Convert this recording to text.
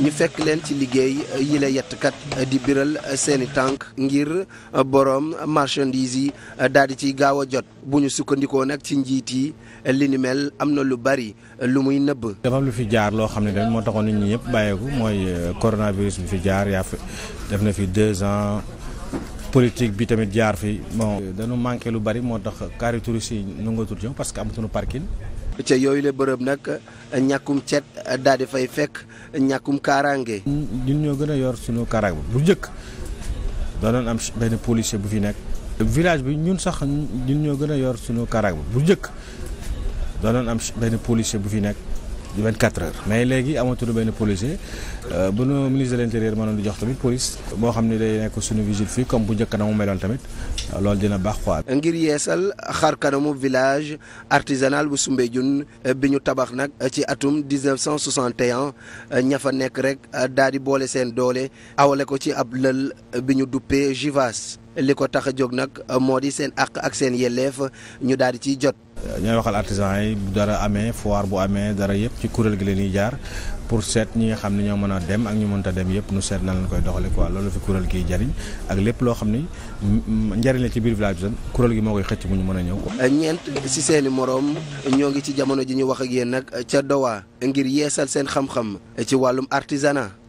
ñu fekk leen ci liggéey euh, yile la euh, di biral euh, seeni tànk ngir boroom marchandise yi daal di ciy gaaw a jot bu ñu sukkandikoo nag ci njiit yi li am na lu bari lu muy nëbb. dafa am lu fi jaar loo xam ne tamit moo taxoon nit ñi ñëpp bàyyeeku mooy coronavirus bi fi jaar yaa fi def na fi deux ans. politique bi tamit jaar fi bon. dañu manqué lu bari moo tax carré touristes yi nangatul ñëw parce que amatuñu parkin ca yooyu la bërëb nag ñàkkum cet daal di fay fekk ñàkkum kaaraange. ñun ñoo gën a yor suñu kaaraange bu njëkk doonoon am benn policier bu fi nekk. village bi ñun sax ñun ñoo gën a yor suñu kaaraange bu njëkk doonoon am benn policier bu fi nekk. 24 heures mais léegi amatulu benn policier euh, bu nu ministre de l' intérieur mënoon di jox tamit police boo xam ne day nekk suñu vigile fii comme bu njëkk na mu meloon tamit loolu dina baax quoi. ngir yeesal xar kanamu village artisanal bu Soumbédioune euh, bi ñu tabax nag euh, ci atum 1961 ña fa nekk rek daal di boole seen doole awale ko ci ab lël bi ñu duppee Jivas li ko tax a jóg nag moo di seen àq ak seen yelleef ñu daal di ciy jot. ñooy waxal artisan yi bu dara amee foire bu amee dara yëpp ci kuréel gi leen ñuy jaar pour seet ñi nga xam ne ñoo mën a dem ak ñu mënta dem yëpp nu seet na lañ koy doxale quoi loolu fi kuréel gi jariñ ak lépp loo xam ni njariñ la ci biir village bi tam kuréel gi moo koy xëcc mu ñu mën a ñëw. Euh, ñeent si seeni moroom ñoo ngi ci jamono ji ñu wax ak yéen nag ca Dowa ngir yeesal seen xam-xam ci wàllum artisanat.